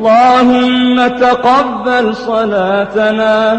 اللهم تقبل صلاتنا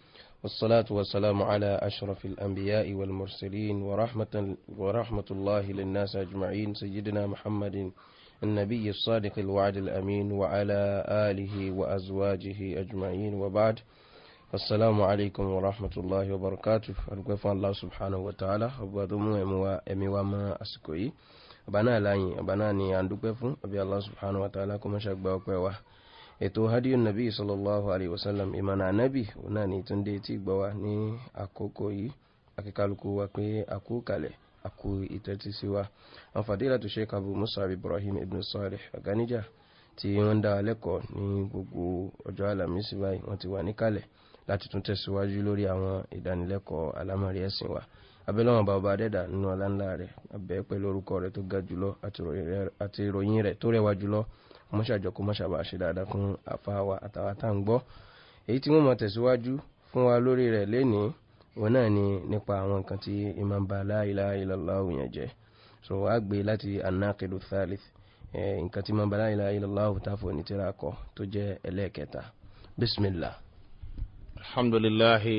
والصلاة والسلام على أشرف الأنبياء والمرسلين ورحمة, ورحمة الله للناس أجمعين سيدنا محمد النبي الصادق الوعد الأمين وعلى آله وأزواجه أجمعين وبعد السلام عليكم ورحمة الله وبركاته أرجوف الله سبحانه وتعالى أمي وما أسكوي بنا لاني أبانا ني أبي الله سبحانه وتعالى كم شاك باوكوا ètò hadiyu nabi sallallahu alayhi wa sallam ìmọ̀nà anabi náà ní túndé tí gbọ́ wa ní àkókò yìí akíkálukú wa pé àkú kalẹ̀ àkú ìtẹ́tí wa àwọn fàdílà tó ṣe kabu musa ibrahim ibn salih ọ̀gánijà tí wọ́n dá lẹ́kọ̀ọ́ ní gbogbo ọjọ́ alamisi báyìí wọ́n ti wà níkàlẹ̀ láti tún tẹ̀síwájú lórí àwọn ìdánilẹ́kọ̀ọ́ alámọ̀rí ẹ̀sìn wa abẹ́lọ́wọ̀n bá ọba dẹ́dà nínú ọláńlá rẹ̀ abẹ́ pẹ̀lú orúkọ rẹ̀ tó ga jùlọ àti ìròyìn rẹ̀ tó rẹwà jùlọ mọ́ṣájọ kó mọ́ṣábà ṣe dáadáa fún àfáwà àtàwà tá à ń gbọ́ èyí tí wọ́n mọ̀ tẹ̀síwájú fún wa lórí rẹ̀ lénìí òun náà ni nípa àwọn nǹkan tí imam bá láìlá ìlàlá òyìn jẹ́ so wàá gbé e láti anákìlú thalith nǹkan tí imam bá láìlá ìlàlá òyìn táfò ní tíra kọ tó jẹ́ ẹlẹ́ẹ̀kẹta bismillah. alhamdulilahi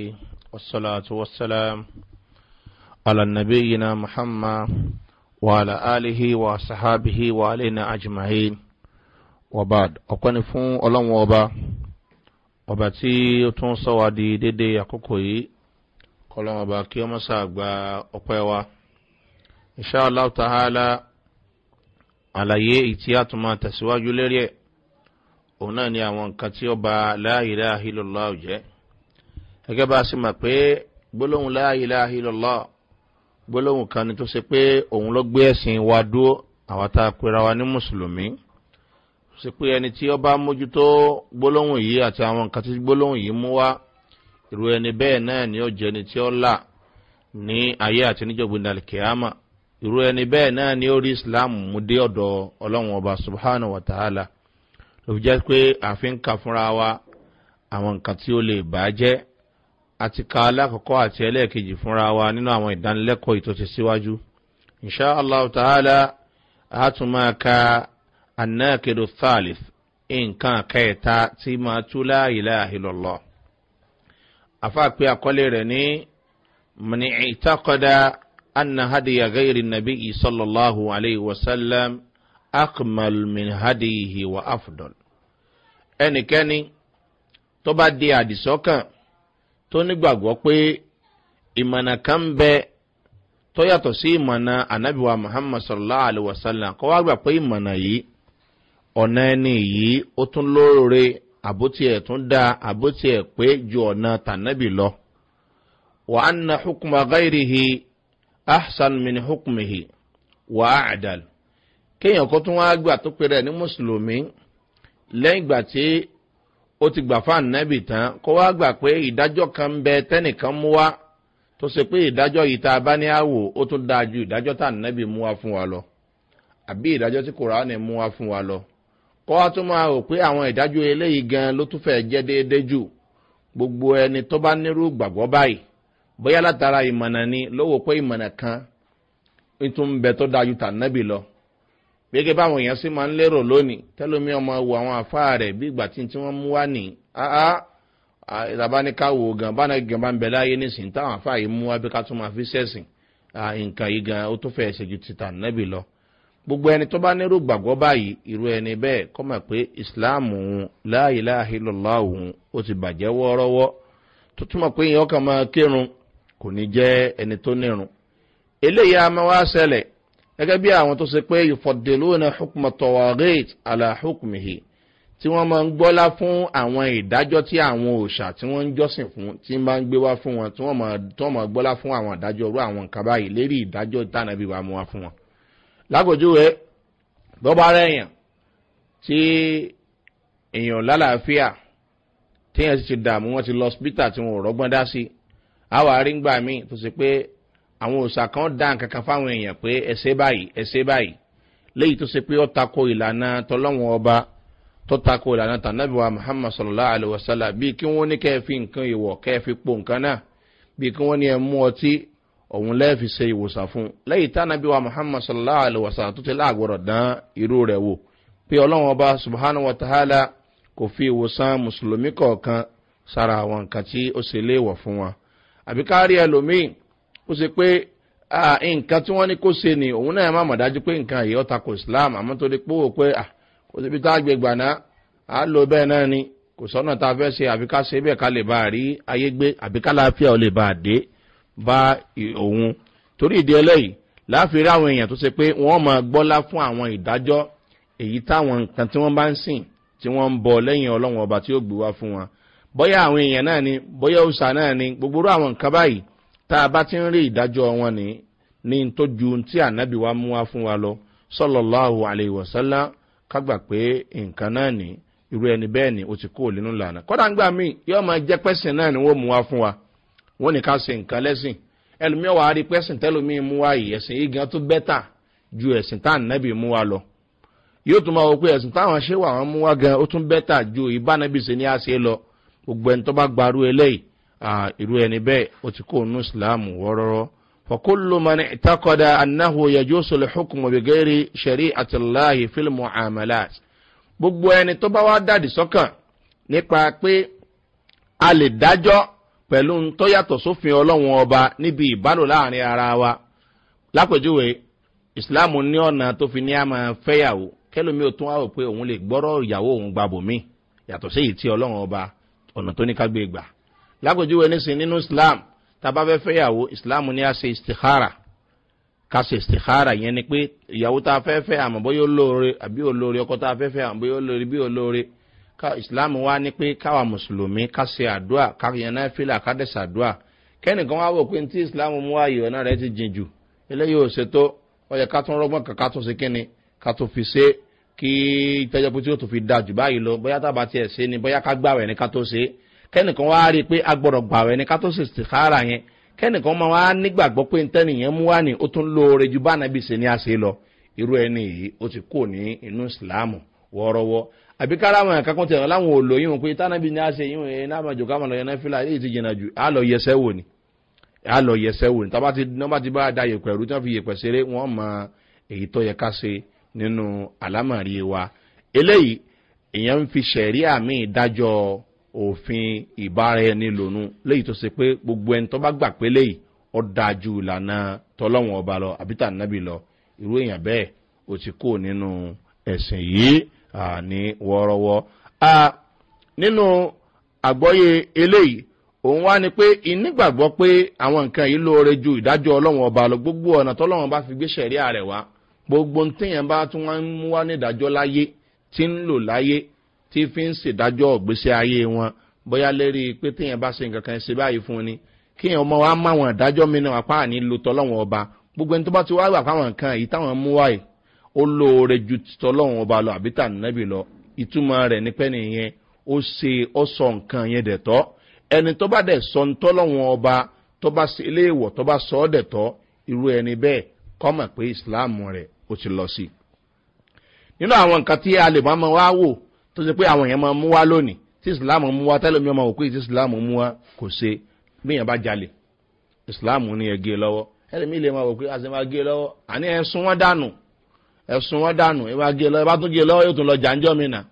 wasalaatu wasalaam ala nabiyina muhammad wa ala alihi wa sahabihi wa alayna ajma'in wabad ọ̀pẹ́ni fún ọlọ́run ọba ọba tí ó tún sọ wa di dédé àkókò yìí kọlọ́run ọba kí ọmọ sàgbà ọpẹ́ wa ìṣá aláwòtáhálà àlàyé ìtí àtúmọ̀ tẹ̀síwájú lérí ẹ̀ òun náà ni àwọn nǹkan tí ọba láàyèlá àhílọ́lá ò jẹ́ gẹ́gẹ́ bá a sì mọ̀ pé gbólóhùn láàyèlá àhílọ́lá gbólóhùn kan ni tó ṣe pé òun ló gbé ẹ̀sìn wa dúró àwọn tá a pera wa ní mùsùlùmí ṣe pé ẹni tí ọba mójútó gbólóhùn yìí àti àwọn nǹkan tí gbólóhùn yìí mú wá irú ẹni bẹ́ẹ̀ náà ni ó jẹ́ ẹni tí ó là ní ayé àti níjọ̀gbìn dàlkìámà irú ẹni bẹ́ẹ̀ náà ni ó rí islam mú dé ọ̀dọ̀ ọlọ́run ọba subhanahu wa ta'ala ló fi jẹ́ pé àfin kà fúnra wa àwọn nǹkan tí ó lè bàá jẹ́ àti ka alákọ̀ọ́kọ́ àti ẹlẹ́ẹ̀kejì fúnra wa nínú àwọn ìdánilẹ́kọ̀ọ́ ìtòsí anákèrò thalith nǹkan kẹta tí máa tú láàyèlá àhìlọ́lọ́ afáàpẹ́ àkọlé rẹ̀ ní mọ̀nì ìtàkọ́dá anna hadiya gairi nabi sallallahu alayhi wa sallam akmal min hadiyihi wa afdol ẹnikẹ́ni tó bá di àdìsọ́kàn tó nígbàgbọ́ pé ìmọ̀nà kan ń bẹ tó yàtọ̀ sí ìmọ̀nà anabiwa muhammad sallallahu alayhi wa sallam kọ́ wá gbà pé ìmọ̀nà yìí ọ̀nà ẹni yìí ó tún lóore àbótí ẹ̀ tún dáa àbótí ẹ̀ pé ju ọ̀nà tànẹ́bì lọ. wà á na hukuma gáìrìhì ahsan mini hukumihi wà àdàl. kéèyàn kó tún wá gbà tó pèrè ní mùsùlùmí lẹ́yìn ìgbà tí ti gbà fáàn nẹ́bì tán kó wá gbà pé kan bẹ tẹ́nìkan mú wá tó ṣe pé ìdájọ́ yìí tá a bá ní àwò ó tún dáa ju ìdájọ́ mú wá fún lọ àbí ìdájọ́ tí mú wá fún lọ. kọ́ wa tún máa rò pé àwọn ìdájọ́ eléyìí gan ló tún fẹ́ jẹ́ déédé jù gbogbo ẹni tó bá nírú gbàgbọ́ báyìí bóyá látara ìmọ̀nà ni lówó pé ìmọ̀nà kan tún ń bẹ tó dájú tà nábì lọ gbẹgẹ báwọn èèyàn sì máa ń lérò lónìí tẹlómi ọmọ wo àwọn àfáà rẹ bí ìgbà tí tí wọn mú wá ní áá ìlàbáníká wo gan báná gan bá ń bẹ láyé nísìnyí táwọn àfáà yìí mú wá bí ká tún máa fi sẹ́sìn nǹkan yìí gan ó tó fẹ́ ṣe ju títà nábì lọ gbogbo ẹni tó bá nírú gbàgbọ́ báyìí irú ẹni bẹ́ẹ̀ kọ́ mọ̀ pé ìsìláàmù òun láàyè láàyè lọ́la òun ó ti bàjẹ́ wọ́ọ́rọ́wọ́ tó túmọ̀ pé èèyàn kan máa kírun kò ní jẹ́ ẹni tó nírun. eléyìí a máa wá ṣẹlẹ̀ gẹ́gẹ́ bí àwọn tó ṣe pé ìfọ̀dẹ̀lónà hukumọ̀ tọ̀wárẹ́t aláhùkùmìhì tí wọ́n máa ń gbọ́lá fún àwọn ìdájọ́ tí àwọn òòṣà tí wọ́n ń jọ́sìn fún tí máa ń gbé wá fún wọn tí wọ́n máa gbọ́lá fún àwọn ìdájọ́ irú àwọn nǹkan báyìí lérí ìdájọ́ ìtànàbí wa mú wá fún wọn lápòjúwe bọ́bá rẹ̀yàn tí èèyàn lálàáfíà téèyàn sì ti dààmú wọn ti lọ spítà tí wọn ò rọgbọ́n dá sí àwa rí ngbà míì tó ṣe pé àwọn òòsà kan dá nǹkan kan fáwọn èèyàn pé ẹsẹ̀ báyìí ẹsẹ̀ báyìí léyìí tó ṣe pé ó tako ìlànà tọlọ́wọ́n ọba tó tako ìlànà tànàbíwá muhammad sallallahu alayhi wa sallam bíi kí wọ́n ní kẹ́ẹ̀ fi nǹkan ìwọ̀ kẹ́ẹ̀ fi po nǹkan náà bíi kí wọ́n ní ẹ mú ọtí òun lẹ́ẹ̀fi ṣe ìwòsàn fún un lẹ́yìn tánàbí wa muhammad sallallahu alayhi wa sallam tó ti láàgbọ̀rọ̀ dán irú rẹ̀ wò pé ọlọ́run ọba subahana wa ta'ala kò fi ìwòsàn mùsùlùmí kọ̀ọ̀kan sára àwọn nǹkan tí ó ṣe léèwọ̀ fún wa àbí káàrí ẹlòmíì ó ṣe pé nǹkan tí wọ́n ní kó ni òun náà má dájú pé nǹkan yìí ọ̀ta islam àmọ́ pé kò síbi tá a gbé gbàná lò bẹ́ẹ̀ náà ni a fẹ́ ṣe ṣe bẹ́ẹ̀ ká bá òun torí ìdí ẹlẹ́yìí láàfin rí àwọn èèyàn tó ṣe pé wọ́n máa gbọ́lá fún àwọn ìdájọ́ èyí táwọn nǹkan tí wọ́n bá ń sìn tí wọ́n ń bọ̀ lẹ́yìn ọlọ́run ọba tí ó gbé wá fún wọn bóyá àwọn èèyàn náà ni bóyá òòsà náà ni gbogbo rú àwọn nǹkan báyìí tá a bá ti ń rí ìdájọ́ wọn ní ní tó ju tí ànábì wa mú wá fún wa lọ sọlọ́láhu aleyhi wasálá kágbà pé nǹkan náà ní irú ẹni bẹ́ẹ̀ ni ó ti kó nínú lànà kọ́dà ń gbà míì yóò máa jẹ́ pẹ́sìn náà ni wọ́n mú wá fún wa wọ́n ní ká se nǹkan lẹ́sìn ẹlòmíràn wàá rí pẹ́sìn tẹ́lómi mú wa yìí ẹ̀sìn yìí gan tó bẹ́tà ju ẹ̀sìn tá ànábì mú wa lọ yóò tún máa wọ pé ẹ̀sìn táwọn ṣé wà wọ́n mú wa gan ó tún bẹ́tà ju ìbánabi ṣe ní àṣẹ lọ gbogbo ẹni tó bá gbarú eléyìí irú ẹni bẹ́ẹ̀ ó ti kó onú ìsìláàmù wọ́rọ́rọ́ fọkúlù mani ìtakọ̀dà anáhù yẹjú sọlẹ̀ hukumu bìgẹ́rì ṣẹ̀rí àtìláyè fílmù àmàlàs gbogbo ẹni tó bá wá dàdí sọ́kàn nípa pé a lè dájọ́ pẹ̀lú ń tọ́yàtọ̀ sófin ọlọ́run ọba níbi ìbálò láàrin ara wa lápèjúwe ìsìláàmù ní ọ̀nà tó fi ní a máa fẹ́yàwó kẹlòmí ò tún wá rò pé òun lè gbọ́rọ̀ ìyàwó òun gba bòmí yàtọ̀ sí èyí tí ọlọ́run ọba ọ̀nà tó ní ká gbé gbà lápèjúwe nísìn nínú islam tábà fẹ́ fẹ́yàwó islam ní a ṣe istihara ká ṣe istihara yẹn ni pé ìyàwó tá a fẹ́ fẹ́ àmọ́ bóyá olóore àbí olóore ọkọ tá a fẹ́ fẹ́ àmọ́ bóyá olóore bí olóore ká islam wa ní pé káwa mùsùlùmí ká ṣe àdúà ká yẹn náà fílà ká dẹ̀ ṣàdúà kẹ́nìkan wá wò pé ní tí islam mú ààyè ọ̀nà rẹ̀ ti jìn jù eléyìí ò ṣe tó ọyẹ ká tún rọ́gbọ́n kàkà tún ṣe kínni ká tún fi ṣe kí tẹ́jọ́ pé tí ó tún fi da jù báyìí lọ bóyá tábà tiẹ̀ ṣe ni bóyá ká gbàwẹ̀ ní ká tó ṣe kẹ́nìkan wá rí i pé a gbọ́dọ̀ gbàwẹ̀ ní ká tó ṣe ṣèkára yẹn kẹ́nìkan máa wá nígbàgbọ́ pé ntẹ́nìyẹn mú wá ní ó tún lóore ju bá nàbí ṣe ni a ṣe lọ irú ẹni yìí ó ti kò ní inú ìsìláàmù wọ́ọ́rọ́wọ́ àbí káràmọ̀ ẹ̀ka kan tẹ̀wọ̀n láwọn olóyún pé tánàbí ni a ṣe yín ẹ̀ náà máa jòkó àmàlọ́ yẹn náà fílà èyí ti jìnnà jù á lọ yẹsẹ́ wò ni á lọ yẹsẹ́ wò ni tá a bá ti bá da yèpẹ̀ rú tí wọ́n fi yèpẹ̀ ṣeré wọ́n mọ èyí tó yẹ ká ṣe nínú àlámàrí wa eléyìí òfin ìbára ẹni lònú léyìí tó ṣe pé gbogbo ẹni tó bá gbà pé léyìí ọ dájú ìlànà tọlọ́wọ̀n ọba lọ àbítà nábì lọ irú èèyàn bẹ́ẹ̀ ò ti kó nínú ẹ̀sìn yìí ní wọ́ọ́rọ́wọ́. nínú àgbọ́yé eléyìí òun wá ni pé ìnígbàgbọ́ pé àwọn nǹkan yìí lóore ju ìdájọ́ ọlọ́run ọba lọ gbogbo ọ̀nà tọ́lọ́run bá fi gbé sẹ̀ríà rẹ̀ wá gbogbo tíyẹn bá tún wá ń mú wá ní ìdájọ́ láyé tí ń lò láyé tí fi ń ṣèdájọ́ ògbésí ayé wọn bóyá lérí pé tíyẹn bá ṣe nǹkan kan ṣe báyìí fún ni kíyẹn ọmọ wa máwọn ìdájọ́ mi náà apá àní tọ́lọ́run ọba gbogbo ẹni tó bá ti wá wà ó lóore ju tọ́lọ́run ọba lọ àbí tà nẹ́bì lọ ìtumọ̀ rẹ̀ ní pẹ́ nìyẹn ó ṣe ó sọ nǹkan yẹn dẹ̀ tọ́ ẹni tó bá dẹ̀ sọ ń tọ́lọ́run ọba tó bá ṣe iléèwọ̀ tó bá sọ ọ́ dẹ̀ tọ́ irú ẹni bẹ́ẹ̀ kọ́mọ̀ pé ìsìláàmù rẹ̀ ó ti lọ sí. nínú àwọn nǹkan tí a lè máa ma wá wò tó ṣe pé àwọn èèyàn máa mú wá lónìí tí ìsìláàmù mú wá tẹ́lẹ̀ mìíràn wò pé tí ìsìláàmù mú wá kò ṣe bíyàn bá jalè ìsìláàmù ní ẹgẹ lọ́wọ́ ẹlẹ́mìí lè máa wò pé àṣẹ máa gé lọ́wọ́ àní ẹ̀ sún wọ́n dànù ẹ̀sùn wọn dànù ẹ bá gé lọ ẹ bá tún gé lọ yóò tún lọ jàǹjọ́ mi nà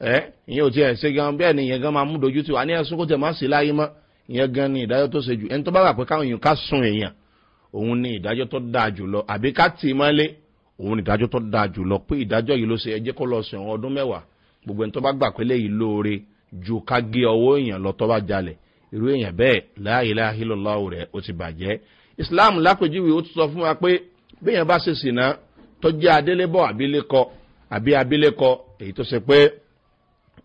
ẹ ìyẹn ò tiẹ̀ ṣe gan bẹ́ẹ̀ ni ìyẹn gan máa mú dojú tiwa ní ẹ̀sùn kó tiẹ̀ má sí láyé mọ́ ìyẹn gan ni ìdájọ́ tó ṣe jù ẹni tó bá wà pé káwọn èèyàn ká sun èèyàn òun ni ìdájọ́ tó dáa jù lọ àbí ká tì í mọ́lé òun ni ìdájọ́ tó dáa jù lọ pé ìdájọ́ yìí ló ṣe ẹjẹ́ kó lọ sùn ọdún mẹ́wàá gbogbo ẹni tó bá ju ká gé ọwọ́ èèyàn lọ tó bá jalè irú èèyàn bẹ́ẹ̀ láàyè láàyè islam lápèjúwe ó ti sọ fún wa tó jẹ́ adélébọ̀ abilékọ àbí abilékọ èyí tó ṣe pé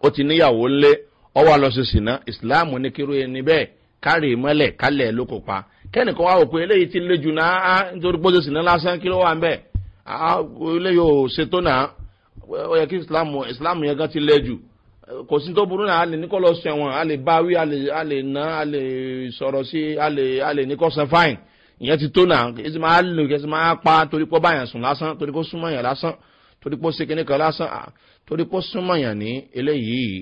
ó ti níyàwó ńlé ọwọ́ lọ́sọ̀sìnà ìsìláàmù ní kíró ẹni bẹ́ẹ̀ kárì mọ́lẹ̀ kálẹ̀ ló kò pa kẹ́nìkan wá wò pé eléyìí ti lé jù náà nítorí pé ó ṣèṣìnà lásán kí ló wà ń bẹ̀ eléyìí ò ṣe tó náà ó yẹ kí ìsìláàmù ìsìláàmù yẹn gan ti lé jù kò sí tó burú náà a lè ní kó lọ sẹ̀wọ̀n a lè báwí a lè ná a lè sọ̀rọ̀ sí a lè ní kó san fáìn ìyẹn ti tó náà kí ẹsì máa lò kí ẹsì máa pa torí pọ́ báyàn sùn lásán torí pọ́ súnmọ́ yàn lásán torí pọ́ ṣe kíní kan lásán torí pọ́ súnmọ́ yàn ní eléyìí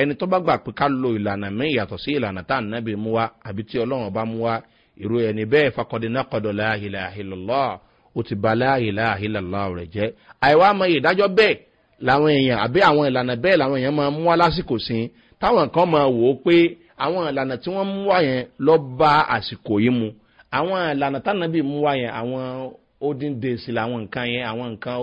ẹni tó bá gbà pé ká lo ìlànà míì yàtọ̀ sí ìlànà tá à nábì mú wa àbí tí ọlọ́run bá mú wa ìró ẹni bẹ́ẹ̀ fakọ́dé nákọ́dọ̀ láàhìláhìlọ́lọ́ ó ti ba láàhìláhìlọ́lọ́ rẹ̀ jẹ́ àìwá mọ ìdájọ́ bẹ́ẹ̀ làwọn èèyàn àbí àwọn ìlànà bẹ́ẹ̀ làwọn èèyàn máa tí wọ́n mú wa yẹn lọ́ bá àsìkò yìí mu àwọn ìlànà tánàbí mú wá yẹn àwọn olden days làwọn nǹkan yẹn àwọn nǹkan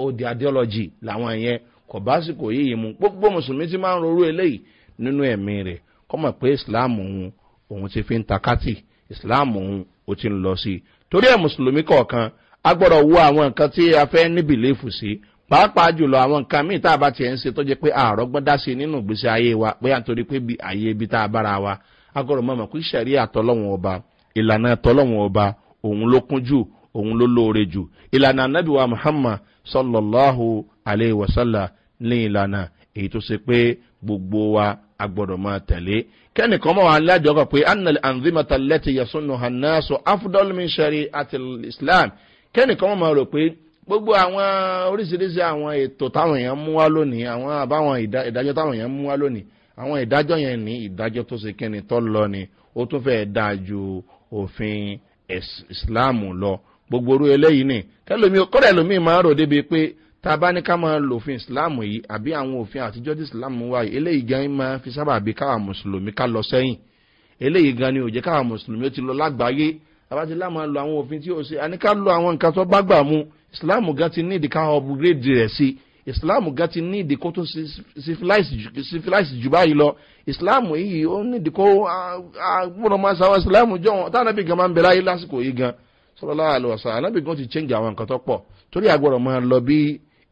old ideology làwọn yẹn kò bá sì kò yíyí mu gbogbo mùsùlùmí ti máa ń rorú eléyìí nínú ẹ̀mí rẹ̀ kọ́ mọ̀ pé islam òun òun ti fi ń takátì islam òun ó ti ń lọ sí i torí ẹ̀ mùsùlùmí kọ̀ọ̀kan a gbọ́dọ̀ wo àwọn nǹkan tí a fẹ́ ní bìlífù sí pàápàá jùlọ àwọn nǹkan míì tá a bá tiẹ̀ ń ṣe tó jẹ́ pé àárọ̀ gbọ́n sí i nínú ìgbésí ayé wa bóyá nítorí pé àyè ibi tá a bára wa a gbọ́dọ̀ mọ̀ mọ̀ pé sẹ̀rí àtọ́lọ́wọ̀n ọba ìlànà tọ́lọ́wọ̀n ọba òun ló kún jù òun ló lóore jù ìlànà anábìwá muhammad sallallahu alayhi wa sallam ní ìlànà èyí tó ṣe pé gbogbo wa a gbọ́dọ̀ máa tẹ̀lé kẹ́nìkan mọ́ wa lájọ ọkọ̀ pé annal anzimata lẹ́tì yasunu hanasu afdolmin shari àti islam kẹ́nìkan mọ́ máa rò pé gbogbo àwọn oríṣiríṣi àwọn ètò táwọn èèyàn mú wá lónìí àwọn àbáwọn ìdájọ́ táwọn èèyàn mú wá lónìí àwọn ìdájọ́ yẹn ní ìdájọ́ tó ṣe kẹ́ni tọ́ lọ ni ó tún fẹ́ dáa ju òfin ìsìláàmù lọ gbogbo orú eléyìí ni kẹlòmí kọ́dà ẹlòmíì máa rò débi pé tá bá ní ká máa lo òfin ìsìláàmù yìí àbí àwọn òfin àtijọ́ tí ìsìláàmù wáyé eléyìí gan máa fi sábà bí káwa mùsùlùmí ká lọ sẹ́yìn eléyìí gan ni ò jẹ́ káwa mùsùlùmí ó ti lọ lágbàáyé abáti láàmú lo àwọn òfin tí ó ṣe àní ká lo àwọn nǹkan tó bá gbà mu ìsìláàmù gan ti ní ìdíkà upgrade rẹ̀ sí i islam gan ti ní ìdí kó tún syphilis jù báyìí lọ islam yìí ó ní ìdí kó gbọ́dọ̀ máa sáwọn islam jọ̀wọ́n táwọn ẹbí gan máa ń bẹ láyé lásìkò yìí gan sọlọ́lá àlùwàsá alábì gan ti change àwọn nǹkan tó pọ̀ torí àgbọ̀dọ̀ máa lọ bí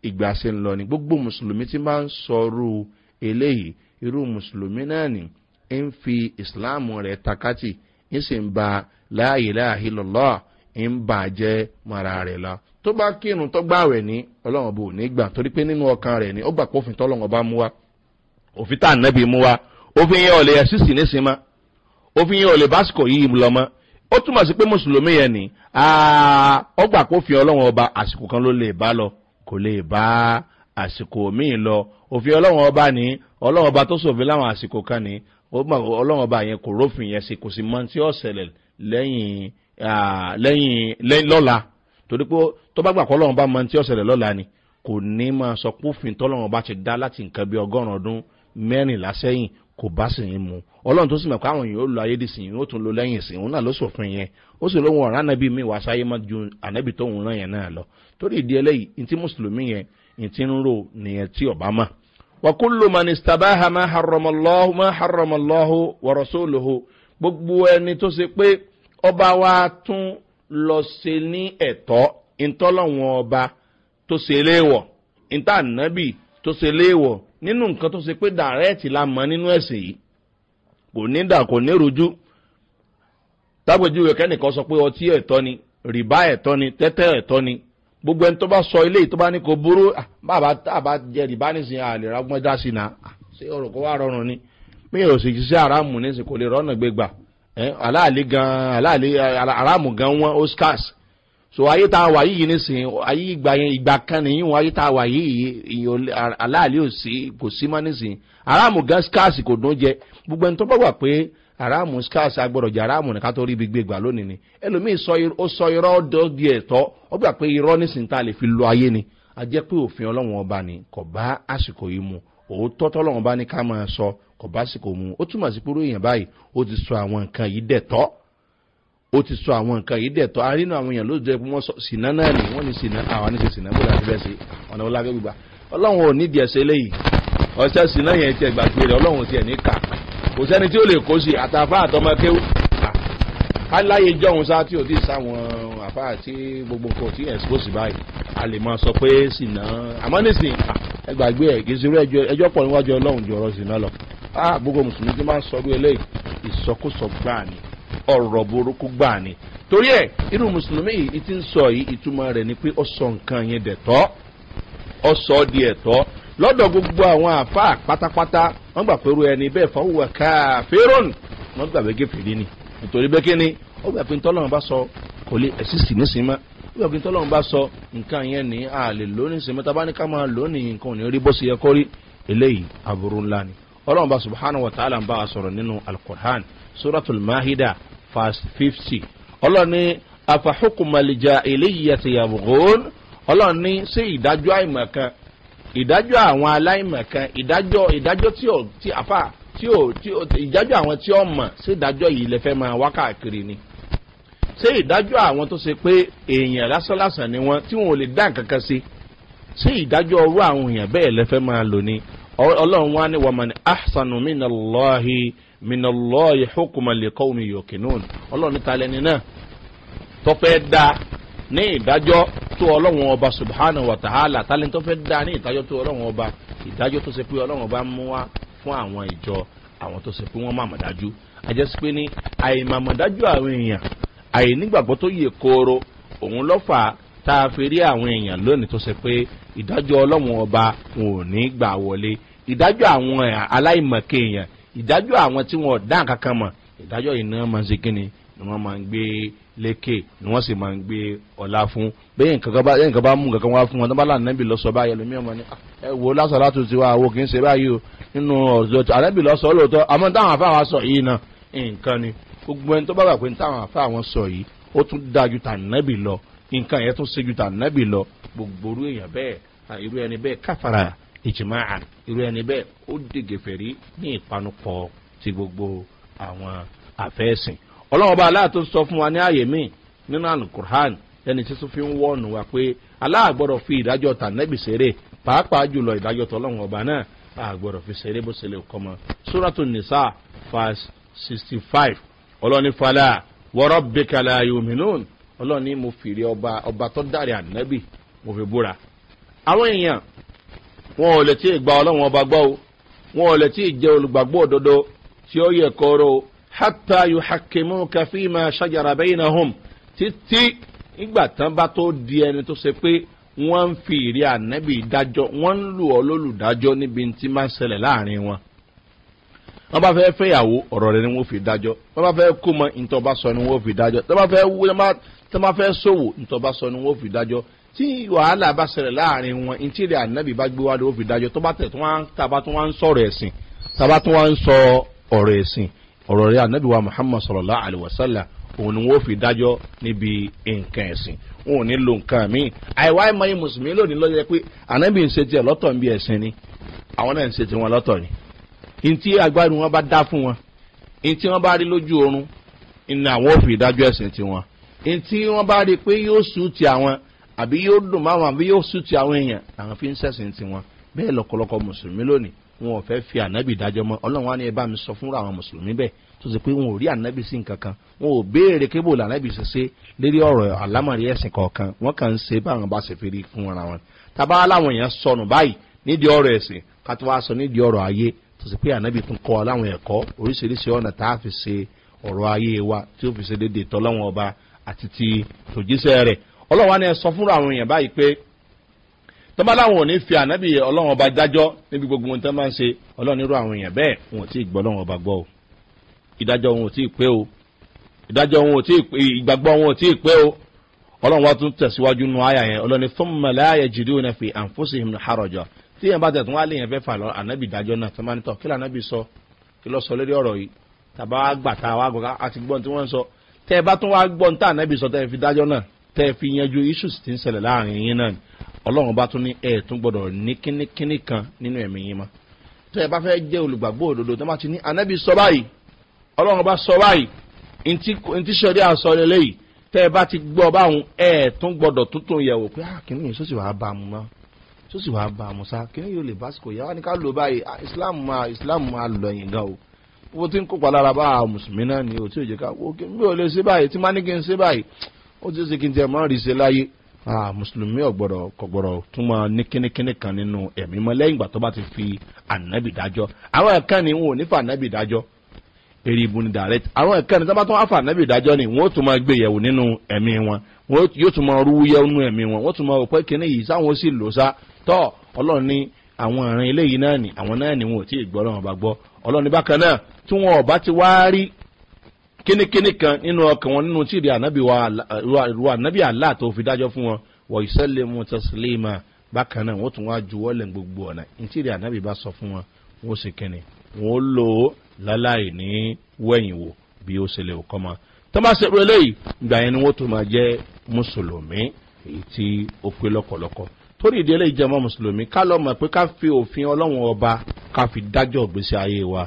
ìgbà ṣe ń lọ ni gbogbo mùsùlùmí ti máa ń sọrú eléyìí irú mùsùlùmí náà ni ń fi islam rẹ̀ takátì ń sì ń ba láàyè láàyè lọ́lọ́ọ̀ ń bàjẹ́ mara rẹ̀ la tó bá kírun tó gbà rẹ̀ ní ọlọ́run bò ní gbà torí pé nínú ọkàn rẹ̀ ni ó gbà pófin tọ́lọ́run bá mú wa òfin tá mú wa òfin yẹn mọ́ òfin yẹn básìkò yìí lọ sí pé mùsùlùmí yẹn ni ó gbà pófin ọlọ́run ọba àsìkò kan ló lè bá lọ kò lè bá àsìkò míì lọ ni ọlọ́run ọba tó sòfin láwọn ni lẹ́yìn lọ́la torí pé tó bá gbà kọ́ lọ́wọ́n bá mọ tí ọ̀sẹ̀ rẹ̀ lọ́la ni kò ní máa sọ pófin tọ́lọ́wọ́n bá ti dá láti nǹkan bí ọgọ́rùn-ún ọdún mẹ́rìnlá sẹ́yìn kò bá sì ń mu ọlọ́run tó sì mọ̀ pé àwọn èèyàn ó lo ayé dìsìn yìí ó tún lo lẹ́yìn ìsìn òun náà ló sòfin yẹn ó sì lóhun ọ̀rá nàbí mi wá sáyé má ju ànábì tó ń ràn yẹn náà lọ torí ìdí eléyìí ntí mùsùlùmí yẹn ntí ń rò nìyẹn tí ọba mọ̀. wàkúlù manistabaha haramallahu má haramallahu gbogbo ẹni tó ṣe pé ọba wa tún lọ se ní ẹ̀tọ́ ìtọ́lọ́wọ́n ọba tó se léèwọ̀ ìta ànábì tó se léèwọ̀ nínú nǹkan tó se pé dàrẹ́ẹ̀tì la mọ̀ nínú ẹ̀sìn yìí kò ní dà kò ní rojú tábòjúwe kẹ́nìkan sọ pé ọtí ẹ̀tọ́ ni rìbá ẹ̀tọ́ ni tẹ́tẹ́ ẹ̀tọ́ ni gbogbo ẹni tó bá sọ ilé tó bá ní kò burú ah, bàbá tàbá jẹ rìbá nísìnyí àlè rágbọ́n dá sí i nà ah, ṣé ọ̀rọ̀ kó wà rọrùn ni mí ò sì ṣiṣẹ́ àràmù nísìnyí kò lè rọ́nà gbégbà Eh, aláàlẹ́ gan aláàlẹ́ aráàmù gan wọn oscars so ayé tá a wà yìí nísìnyí ayé ìgbà yẹn ìgbà kan nìyí wọn ayé tá a wà yìí aláàlẹ́ òsì kò sí mọ́ nísìnyí aráàmù gan scars kò dún jẹ gbogbo ẹni tó bá wà pé aráàmù scars agbọ́dọ̀ jẹ́ aráàmù nìkan tó rí ibi gbé gbà lónìí ni ẹlòmíì ó sọ irọ́ ọdọ́ di ẹ̀tọ́ ó gbà pé irọ́ nísìnyí tá a lè fi lo ayé ni a jẹ́ pé òfin ọlọ́run ọba ni kò bá àsìkò yìí mu òótọ́ tọ́lọ́run bá ní ká máa sọ kò bá sì kò mu ó túmọ̀ sí pé ròyìn báyìí ó ti sọ àwọn nǹkan yìí dẹ̀tọ́ ó ti sọ àwọn nǹkan yìí dẹ̀tọ́ arínú àwọn èèyàn lóòótọ́ pé wọ́n sìnà náà ni wọ́n ní sìnà àwọn àníṣe sìnà bó láti bẹ́ẹ̀ sí ọ̀nà wọn lábẹ́ gbígbà ọlọ́run ò nídìí ẹ̀sẹ̀ eléyìí ọ̀sẹ̀ sìnà yẹn ti ẹ̀gbà pé rẹ̀ ọlọ́run ti ẹ̀ ní kà kò sẹ́ni tí ó lè kó sí àtàfà àtọmọkéwò aláyé jọ̀hún sá tí ò dì sáwọn àfa àti gbogbo ah gbogbo mùsùlùmí ti máa ń sọrú eléyìí ìsọkúsọ gbáà ni ọ̀rọ̀ burúkú gbáà ni torí ẹ̀ irú mùsùlùmí yìí ti ń sọ yìí ìtumọ̀ rẹ̀ ni pé ó nǹkan yẹn di gbogbo àwọn àfa pátápátá wọ́n gbà pé irú ẹni bẹ́ẹ̀ fọwọ́ káfíńrún wọ́n gbà pé gẹ́fìrí ni nítorí bẹ́ẹ̀ kí ni ó gbà pé sọ kò lè ẹ̀sì sì ní sinmi ó gbà pé ní ká máa lónìí nǹkan ò ní rí yẹ eléyìí aburú ńlá ọlọ́run bá subhanahu wa ta'ala ń bá a sọ̀rọ̀ nínú alukur'an suratul mahida fast fifty ọlọ́run ní afahukumalija eléyìí yabugun ọlọ́run ní sí ìdájọ́ àìmọ̀kan ìdájọ́ àwọn aláìmọ̀kan ìdájọ́ ìdájọ́ tí ò tí àfà tí ò tí ò ìdájọ́ àwọn tí ò mọ̀ sí ìdájọ́ yìí lè fẹ́ máa wá káàkiri ni ṣé ìdájọ́ àwọn tó ṣe pé èèyàn lásánlásán ni wọ́n tí wọn ò lè dá nǹkan kan sí ṣé ìdájọ́ ọwọ́ àwọn èèyàn bẹ́ẹ̀ lè máa lò ni ọlọ́run wá ní wàmán ahsanu minalahi minalahi hukumale kọ́wmi yokinun ọlọ́run níta lẹ́ni náà tọ́pẹ́ da ní ìdájọ́ tó ọlọ́run ọba subhanahu wa ta'ala tálẹ́ tó fẹ́ da ní ìdájọ́ tó ọlọ́run ọba ìdájọ́ tó ṣe pé ọlọ́run ọba mú wá fún àwọn ìjọ àwọn tó ṣe pé wọ́n má mọ̀dájú àjẹsí pé ní àìmọ̀mọ̀dájú àwọn èèyàn àìnígbàgbọ́ tó yẹ kóró òun lọ́fà tá a fi rí àwọn èèyàn lónìí tó ṣe pé ìdájọ́ ọlọ́run ọba wọn ò ní gbà wọlé ìdájọ́ àwọn aláìmọ̀kẹ́ èèyàn ìdájọ́ àwọn tí wọn dá kankan mọ̀ ìdájọ́ yìí náà máa ń ṣe kíni ni wọ́n máa ń gbé lékè ni wọ́n sì máa ń gbé ọ̀la fún bẹ́ẹ̀ nǹkan bá mú nǹkan wá fún wọn tó bá lànà níbi lọ́sọ̀ báyìí ẹlòmíì ọmọ ni ah, ẹ wo lásà látò tiwa àwo kì í ṣe báyìí o nínú ọ̀dọ̀ àlẹ́bí lọ́sọ̀ lóòótọ́ àmọ́ táwọn afá wa sọ yìí náà nǹkan ni gbogbo ẹni tó bá gbà pé táwọn afá wọn sọ yìí ó tún dáa ju tànàbì lọ nǹkan yẹn tún ṣe ju tànàbì lọ gbogbo irú èèyàn bẹ́ẹ̀ irú ẹni bẹ́ẹ̀ káfàrà ìjìmáà irú ẹni bẹ́ẹ̀ ó dìgè fẹ̀rí ní ìpanupọ̀ ti gbogbo àwọn àfẹ́sìn ọlọ́run ọba aláàtó sọ fún wa ní ààyè míì nínú alukur'an ẹni tí sọfí ń wọ́ọ̀nù wa pé aláàgbọ́dọ̀ fi ìdájọ́ tànẹ́bì ṣeré pàápàá jùlọ ìdájọ́ tọ́lọ́run ọba náà àgbọ̀dọ̀ fi ṣeré bó ṣe lè kọ́ mọ́ sóràtò nìṣà fas sixty five ọlọ́ni falà wọ́rọ́ bẹ́kàlà wọn ò lè tí ì gba ọlọ́run ọba gbọ́ o wọn ò lè tí ì jẹ́ olùgbàgbọ́ òdodo tí ó yẹ kóró o hátà yóò hakimu káfí máa ṣàjàrà bẹ́yìn náà hùm títí nígbà tán bá tó di ẹni tó ṣe pé wọ́n ń fi ìrí ànábì dájọ́ wọ́n ń lù ọ́ lólùdájọ́ níbi tí máa ń ṣẹlẹ̀ láàrin wọn. wọ́n bá fẹ́ fẹ́yàwó ọ̀rọ̀ rẹ ni wọ́n fi dájọ́ wọ́n bá fẹ́ kó mọ ìtọ́ba sọ ni wọ́n fi dájọ́ tọ́ bá fẹ́ wú ìtọ́ba sọ ni wọ́n fi dájọ́ tí wàhálà bá ṣẹlẹ̀ láàrin wọn ntí rẹ̀ ànábì bá gbé wá lówó fi dájọ́ tó bá tẹ̀ tàbá tó wá ń sọ̀rọ̀ ẹ̀sìn tàbá tó wá ń sọ ọ̀rọ̀ ẹ̀sìn ọ̀rọ̀ rẹ̀ ànábì wa muhammad sọ̀rọ̀lá àlùwàsálà òun ni wọ́n fi dájọ́ níbi nǹkan ẹ̀sìn wọn ò ní lo nǹkan míì àìwá ẹ̀mọ́ yìí mùsùlùmí lónìí ló yẹ pé ànábì ń ṣe tiẹ̀ lọ́tọ̀ ń bí ẹ̀sìn ni àwọn náà ń ṣe tiwọn lọ́tọ̀ ni ntí agbárí wọn bá dá fún wọn ntí wọn bá rí lójú oorun ni àwọn ò fi dájọ́ ẹ̀sìn tiwọn ntí wọn bá rí pé yóò sùn ti àwọn àbí yóò dùn máwọn àbí yóò sùtì àwọn èèyàn àwọn fi ń sẹ̀sìn tiwọn bẹ́ẹ̀ lọ́kọ̀lọ́kọ̀ mùsùlùmí lónìí wọn ò fẹ́ fi ànábì dájọ́ mọ́ ọlọ́run wa ni ẹ bá mi sọ fúnra àwọn mùsùlùmí bẹ́ẹ̀ tó ṣe pé wọn ò rí ànábì sí nǹkan kan wọn ò béèrè kébò lànábì ṣe ṣe lérí ọ̀rọ̀ àlámọ̀rí ẹ̀sìn kọ̀ọ̀kan wọn kàn ń ṣe báwọn bá ṣe fèrè fún ara wọn wa tí ó fi ṣe déédéé tọ́lọ́wọ́n ọba àti ti tòjíṣẹ́ rẹ̀ ọlọ́wọ́n á ní ẹ sọ fúnra àwọn èèyàn báyìí pé tọ́ba láwọn ò ní fi ànábì ọlọ́wọ́n ọba dájọ́ níbi gbogbo ohun tó máa ń ṣe ọlọ́wọ́n nírú àwọn èèyàn bẹ́ẹ̀ wọn ò tí ì gbọ́ ọlọ́wọ́n ọba gbọ́ o ìdájọ́ wọn ò tí ì pé o ìdájọ́ wọn ò tí ì pé ìgbàgbọ́ wọn ò tí ì pé o ọlọ́run wa tún tẹ̀síwájú nu àyà yẹn ọlọ́ni fún mọ̀láyà jìdí òun fi àǹfóṣe ìhìn àròjọ tí bá tún wá gbọ́ àti ànábì sọ tẹ́ ẹ fi dájọ́ náà tẹ́ ẹ fi yanjú issues ti ń ṣẹlẹ̀ láàrin yín náà ọlọ́run bá tún ní ẹ̀ tún gbọ́dọ̀ ní kínníkínní kan nínú ẹ̀mí yín mọ́ tẹ́ ẹ bá fẹ́ jẹ́ olùgbàgbọ́ òdodo tó bá ti ní anábì sọ báyìí ọlọ́run bá sọ báyìí ntí sọdí àsọlẹ̀ lẹ́yìn tẹ́ ẹ bá ti gbọ́ báwọn ẹ̀ tún gbọ́dọ̀ tuntun yẹ̀wò pé ah, kínní yìí sọ́sì wàá bá mu mọ́ sọ́sì wàá bá mu sá kínní yìí ò lè bá sìkò yá wá ní ká lò báyìí ah, islam máa islam máa lọ yìn gan o bó ti ń kópa lára bá a mùsùlùmí náà ni ò tí ò jẹ́ ká wó kí n ò lè ṣe báyìí tí má ní kí n ṣe báyìí ó ti ṣe kí n tẹ máa rí ṣe láyé mùsùlùmí ọ̀gbọ̀rọ̀ kọ̀gbọ̀rọ̀ tún máa ní kínníkínní kan nínú ẹ̀mí mọ́ lẹ́yìn ìgbà tó bá ti fi ànábì dájọ́ àwọn ẹ̀kan ni wọn ò ní fa ànábì dájọ́ eré ibu ni direct àwọn ẹ̀kan ni sábà tó wá fa ànábì dájọ́ ni wọ́n ó tún máa gbé yẹ̀wò nínú ẹ̀mí wọn wọ́n yóò tún máa rúwú yẹ̀wò nínú ẹ̀mí wọn wọ́n tún máa wò pé kínní yìí sáwọn sì lò sá tọ́ ọlọ́run ní àwọn àrùn eléyìí náà ni àwọn náà ni wọn ò tí ì gbọ́ ọlọ́run bá gbọ́ kínníkínní kan nínú ọkàn wọn nínú tíìrì ànábì wa ru ànábì àlá tó fi dájọ́ fún wọn wọ ìsẹ́lẹ̀ mu tẹ̀sílẹ́mà bákan náà wọ́n tún wá juwọ́ lẹ̀ gbogbo ọ̀nà tíìrì ànábì bá sọ fún wọn wọ́n sì kínní wọ́n lò ó láláì ní wẹ̀yìn wò bí ó ṣẹlẹ̀ ò kọ́mọ. tó bá ṣe pé léyìí yẹn ni wọ́n tún máa jẹ́ mùsùlùmí èyí tí ó pé lọ́kọ̀lọ́kọ̀ torí ìdílé ìjọba mùsùlùmí ká lọ mọ̀ pé ká fi òfin ọlọ́run ọba ká fi dájọ́ ògbésí ayé wa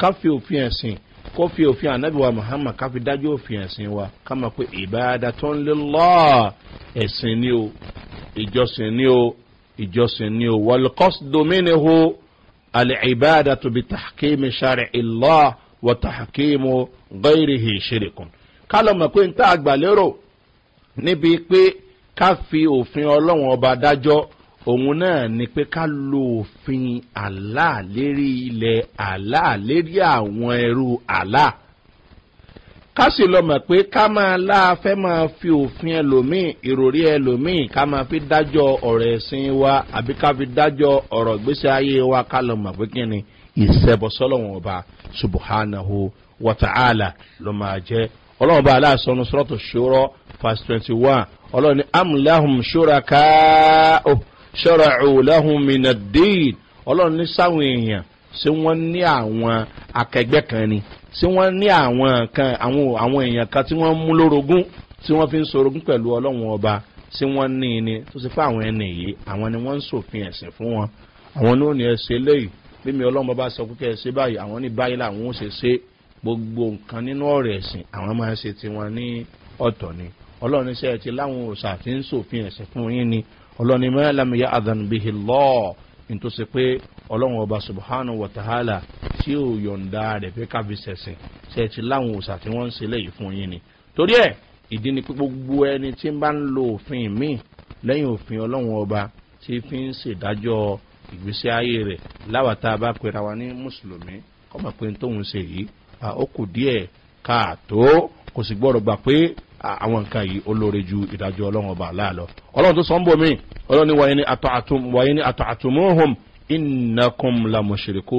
ká fi òfin ẹ̀sìn kó fi òfin anabi wa muhammad ká fi dájú òfin ẹ̀sìn wa ká máa pé ìbáradà tó ń lé lọ́ ẹ̀sìn ni o ìjọsìn ni o ìjọsìn ni o wàlúkọ́sì domini ho àlẹ́ ìbáradà tó bi tàkìmì sàrẹ̀ ìlọ́ wà tàkìmù gbẹ́rìhì ṣèrìkùn. ká lọ mọ̀ pé n tá àgbà lérò níbi pé ká òfin ọlọ́run ọba dájọ́ òun náà ni pé ká lo òfin àlá lérí ilẹ̀ àlá lérí àwọn ẹrú àlá ká sì lọ mọ̀ pé ká máa láàfẹ́ máa fi òfin ẹlòmíì ìròrí ẹlòmíì ká máa fi dájọ́ ọ̀rọ̀ ẹ̀sìn wa àbí ká fi dájọ́ ọ̀rọ̀ gbèsè ayé wa ká lọ mọ̀ pé kí ni ìṣẹ́bọsọ́lọ́wọ̀n ọba subuhánahu wàtàhálà ló máa jẹ́ ọlọ́run bá aláàsọ́nu sọ́rọ́tò ṣòro verse twenty one ọlọ́run ni amúláhùn ṣúra káà ó ṣọ́ràù lẹ́hùn mìnàdín ọlọ́run ní sáwọn èèyàn ṣé wọ́n ní àwọn akẹgbẹ́ kan ni ṣé wọ́n ní àwọn kan àwọn àwọn èèyàn kan tí wọ́n mú lórogún tí wọ́n fi ń sorogún pẹ̀lú ọlọ́run ọba ṣé wọ́n ní ni tó ṣe fún àwọn ẹni yìí àwọn ni wọ́n ń sòfin ẹ̀sìn fún wọn àwọn ní òní ẹsẹ̀ léyìí bí mi ọlọ́run bá sọ pé ẹsẹ̀ báyìí àwọn ní báyìí làwọn ó ṣe ṣe gbogbo nǹkan nínú ọ̀rọ̀ ẹ̀sìn àwọn máa ń ṣe tiwọn ní ọ̀tọ̀ ni ọlọ́run iṣẹ́ ti láwọn òòṣà sòfin ẹ̀sìn fún yín ni ọlọ́ni mẹ́lẹ́m yá àdánbíhi lọ́ nítorí pé ọlọ́run ọba subhanahu wa ta'ala tí ò yọ̀ǹda rẹ̀ pé káfí sẹ̀sìn ṣẹ̀tì láwọn òòsà tí wọ́n ń ṣe lẹ́yìn fún yín ni torí ẹ̀ ìdí ni pé gbogbo ẹni tí ń bá ń lo òfin míì lẹ́yìn òfin ọlọ́run ọba tí fi ń ṣèdájọ́ ìgbésí ayé rẹ̀ láwàtá bá pera wa ní mùsùlùmí kọ́mọ̀ pé tóun ṣe yìí ó kù díẹ̀ káàtó kò sì gbọ́dọ̀ gbà pé àwọn nǹkan yìí olóore ju ìdájọ́ ọlọ́run ọba láàlọ́ ọlọ́run tó sọ ń bò mí ọlọ́run ní wàyí ní àtọ̀ àtùmọ́hùn ìnàkùn làmùsìrìkò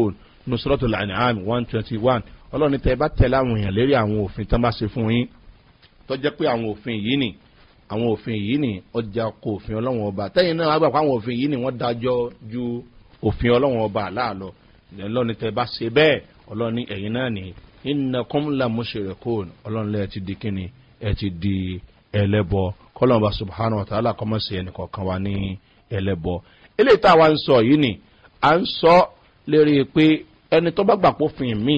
nusrọ́tò làǹhàn one twenty one ọlọ́run ní tẹ́ ẹ tẹ̀lé àwọn èèyàn lérí àwọn òfin tán bá ṣe fún yín tó jẹ́ pé àwọn òfin yìí ni àwọn òfin yìí ni ọjà kò òfin ọlọ́run ọba tẹ́yìn náà àgbà pé àwọn òfin yìí ni wọ́n dájọ́ ju òfin ọlọ́run ọba láàlọ́ ọlọ́run ní bá ṣe bẹ́ẹ̀ ọlọ́run ní ẹ̀yìn náà ni ìnàkùn làmùsìrìkò ọlọ́run lẹ́ẹ̀ ti di kíni ẹ di ẹlẹ́bọ kọ́lọ́mọba subhanahu wa ta'ala kọ́mọ́sí ẹnìkọ̀ọ̀kan wa ní ẹlẹ́bọ eléyìí tá a wá ń sọ yìí ni à ń sọ lérí pé ẹni tó bá gbà pófin míì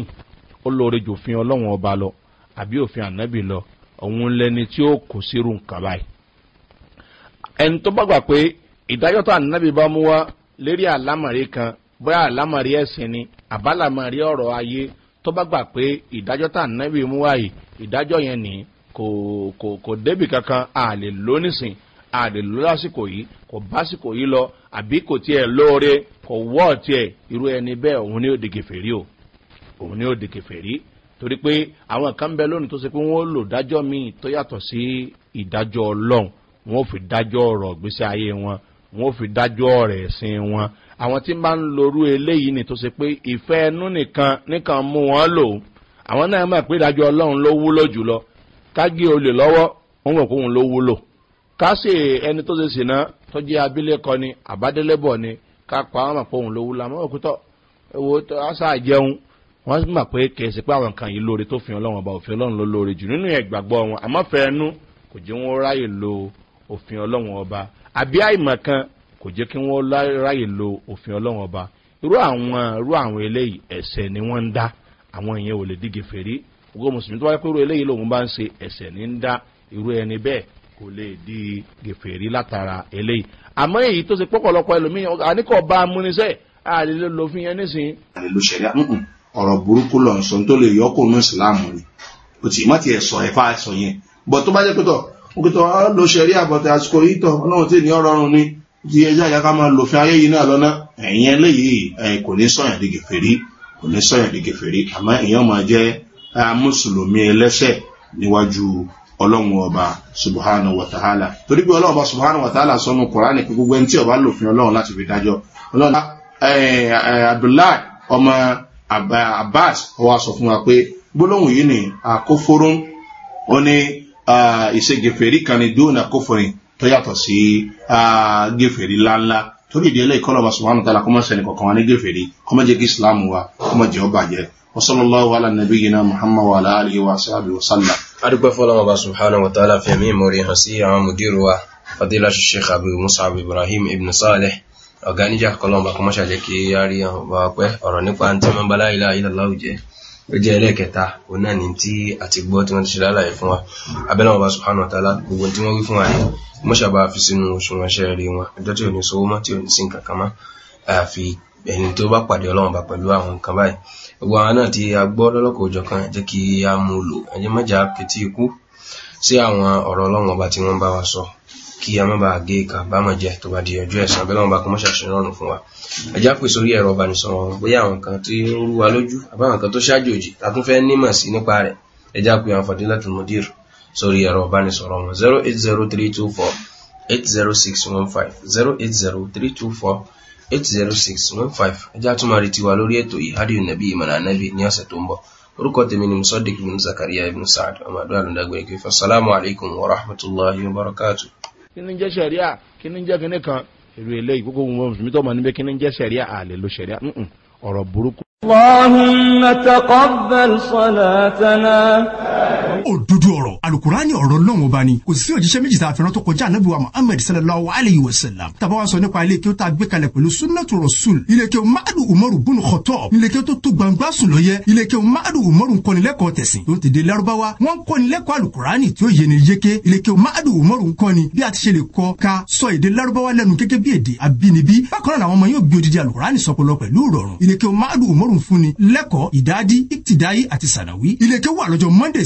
ó lóore jù òfin ọlọ́run ọba lọ àbí òfin ànábì lọ òun lẹni tí ó kò sírù nǹkan báyìí ẹni tó bá gbà pé ìdájọ́ tó ànábì bá mú wá lérí àlámàrí kan bóyá àlámàrí ẹ̀sìn ni àbálàmàrí ọ̀rọ̀ ayé tó bá gbà pé ìdájọ́ tó ànábì mú wá yìí ìdájọ́ yẹn nìyí kò kò kò débì kankan a lè lò nísìn a lè lò lásìkò yìí kò básìkò yìí lọ àbí kò tiẹ̀ lóore kò wọ́ tiẹ̀ irú ẹni bẹ́ẹ̀ òun ni ó di kẹfẹ́rí o òun ni ó di kẹfẹ́rí torí pé àwọn kan bẹ lónìí tó ṣe pé wọ́n lò dájọ́ míì tó yàtọ̀ sí ìdájọ́ ọlọ́run wọ́n fi dájọ́ ọ̀rọ̀ gbèsè ayé wọn wọ́n fi dájọ́ ọ̀rọ̀ ẹ̀sìn wọn àwọn tí máa ń lorú eléyìí ni tó ṣe pé ìfẹ́ ẹnu nìkan nìkan mú wọn lò àwọn náà mọ̀ pé ìdájọ́ ọlọ́run ló wúlò jùlọ ká gé olè lọ́wọ́ wọ́n mọ̀ pé òun ló wúlò ká sì ẹni tó ṣe sìnà tó jẹ́ abilékọ ni àbádélébọ̀ ni ká pa wọ́n mọ̀ pé òun ló wúlò àmọ́ òkútọ́ ewo aṣá jẹun wọ́n mọ̀ pé kèsì pé àwọn nǹkan yìí lóore tó fi ọlọ́run ọba òfin ọlọ́run ló lóore jù nínú ìgbàgbọ́ wọn àmọ́ fẹ́ẹ́nu kò jẹ́ wọn ráyè lo òfin ọlọ́run ọba àbí àìmọ̀ kan kò jẹ́ kí wọ́n ráyè lo òfin ọlọ́run ọba irú àwọn irú àwọn eléyìí ẹ̀sẹ̀ ni wọ́n ń dá àwọn èèyàn ò lè dìgẹ̀ fèrè gbogbo mùsùlùmí tó bá yẹ pé irú eléyìí lòun bá ń ṣe ẹ̀sẹ̀ ní ń dá irú ẹni bẹ́ẹ̀ kò lè di gèfèrí látara eléyìí àmọ́ èyí tó ṣe pọ́pọ̀lọpọ̀ ẹlòmíì àníkọ̀ bá a mú ni sẹ́ àlè ló lo fi yẹn nísìnyí. àlè ló ṣẹlẹ̀ ọ̀rọ̀ burúkú lọ sọ tó lè yọ kó nù ìsìláàmù ni kò tí má tiẹ̀ sọ ẹ̀fà sọ yẹn bọ̀ tó bá jẹ́ pé tọ̀ òkìtọ̀ ló ṣẹlẹ̀ àbọ̀tẹ̀ àsìkò yìí tọ̀ ọlọ́run tí ní ọ̀rọ̀ ọ̀run ni ti ẹjẹ́ àyà ká máa lòfin ayé yìí náà lọ́nà ẹ̀yìn eléyìí kò ní sọ̀yàn di gèfèrí kò ní sọ̀yàn di gèfèrí àmọ́ èèyàn máa jẹ́ mùsùlùmí ẹlẹ́ṣẹ̀ níwájú ọlọ́run ọba subhanahu wa ta'ala torí pé ọlọ́run ọba subhanahu wa sọnù kùránì pé gbogbo ẹni tí ọba lòfin ọlọ́run láti fi dájọ́ ọlọ́run abdullahi ọmọ abbas ọwọ́ sọ fún wa pé gbólóhùn yìí ni àkófórún ó ní ìṣègèfèrí kan ní dóònà kófòrin tó yàtọ̀ sí gèfèrí láńlá torí ìdílé ìkọlọ̀ subuhana wataala wa ta'ala kọ́mọ́sẹ̀ ní kọ̀ọ̀kan wa ní gèfèrí kọ́mọ́jẹ́ kí islam wa kọ́mọ́jẹ́ ọbàjẹ́ وصلى الله على نبينا محمد وعلى آله وصحبه وسلم أدوك فولو الله وتعالى في أمين موري هسي الشيخ أبو مصعب إبراهيم ابن صالح ọ̀gáníjà kọlọ́mbà kọmọ́ ṣàjẹ́ kí a rí ọba pẹ́ ọ̀rọ̀ nípa tí wọ́n bá láìlá ìlàláwò jẹ́ ó jẹ́ ẹlẹ́ẹ̀kẹta òun náà ní tí a ti gbọ́ tí wọ́n ti ṣe lálàyé fún wa abẹ́lẹ́ wọn bá subhanahu wa gbogbo tí wọ́n wí fún wa yìí mọ́ṣàbá fi sínú òṣùwọ̀n ṣẹ́ rí wọn ọjọ́ tí ò ní sówó mọ́ tí ò ní sí nǹkan àfi ẹni tó bá pàdé ọlọ́run bá pẹ̀lú àwọn nǹkan báyìí gbogbo àwọn náà tí a gbọ́ lọ́lọ́kọ̀ òjọ kan jẹ́ kí a mú lò ẹjẹ́ mọ́jà pété ikú sí àwọn ọ̀rọ̀ ọlọ́run ọba tí wọ́n bá wa sọ kí a má bàa gé ìka bámọ̀ jẹ tó bá di ọjọ́ ẹ̀san abẹ́lẹ́ wọn bá kọ́ mọ́ṣáṣí rọrùn fún wa ẹjá pè sórí ẹ̀rọ ìbánisọ̀rọ̀ bóyá àwọn kan tí ó rú wa lójú àbáwọn kan tó ṣáájú òjì ta tún fẹ́ nímọ̀ sí nípa rẹ̀ ẹjá pè àwọn Fadilatul Mudir sórí ẹ̀rọ ìbánisọ̀rọ̀ wọn zero eight zero three two four eight zero six one five zero eight zero three two four eight zero six àtúmọ̀ retí wa lórí ètò yìí hádìí nàbí ìmọ̀nà ànábì ní ọ̀sẹ̀ tó ń bọ̀ orúkọ tèmi ni musadik bin zakariya ibn saad ọmọ àdúrà ló dàgbére kí fasalaamu alaykum wa rahmatulahi wa barakatu. kí ni jẹ́ sẹ̀ríà kí ni jẹ́ kí kan èrò eléyìí kókó wọn mùsùlùmí tó mọ̀ níbẹ̀ kí ni jẹ́ sẹ̀ríà àlè ló sẹ̀ríà ọ̀rọ̀ burúkú. اللهم تقبل صلاتنا òdodo ọ̀rọ̀ alukurani ọ̀rọ̀ lọ́wọ́ bá ni kò sí òjíṣẹ́ méjì tá a fẹ́ràn tó kọjá anabi wa muhammed sallallahu alayhi wa sallam tàbá wa sọ nípa ilé kí ó tá gbé kalẹ̀ pẹ̀lú sunnatu rasul ilé kí ó madu umaru bunu kọtọ ilé kí ó tó tó gbangba sùn lọ́yẹ ilé kí ó madu umaru nkọ́nilẹ́kọ̀ọ́ tẹ̀sìn tó ń tẹ̀dé larubawa wọ́n nkọ́nilẹ́kọ̀ọ́ alukurani tí ó yé ni ilé kí ó madu umaru nkọ́ni bí a ti ṣe lè kọ́ ka sọ èdè larubawa lẹ́nu gẹ́gẹ́ bí èdè abínibí bákan náà àwọn ọmọ yóò gbé odidi alukurani sọpọlọ pẹ̀lú ìrọ̀rùn ilé kí ó madu umaru fúnni lẹ́kọ̀ọ́ ìdádi ìtìdáyé àti sànàwí ilé kí ó wà lọ́jọ́ monday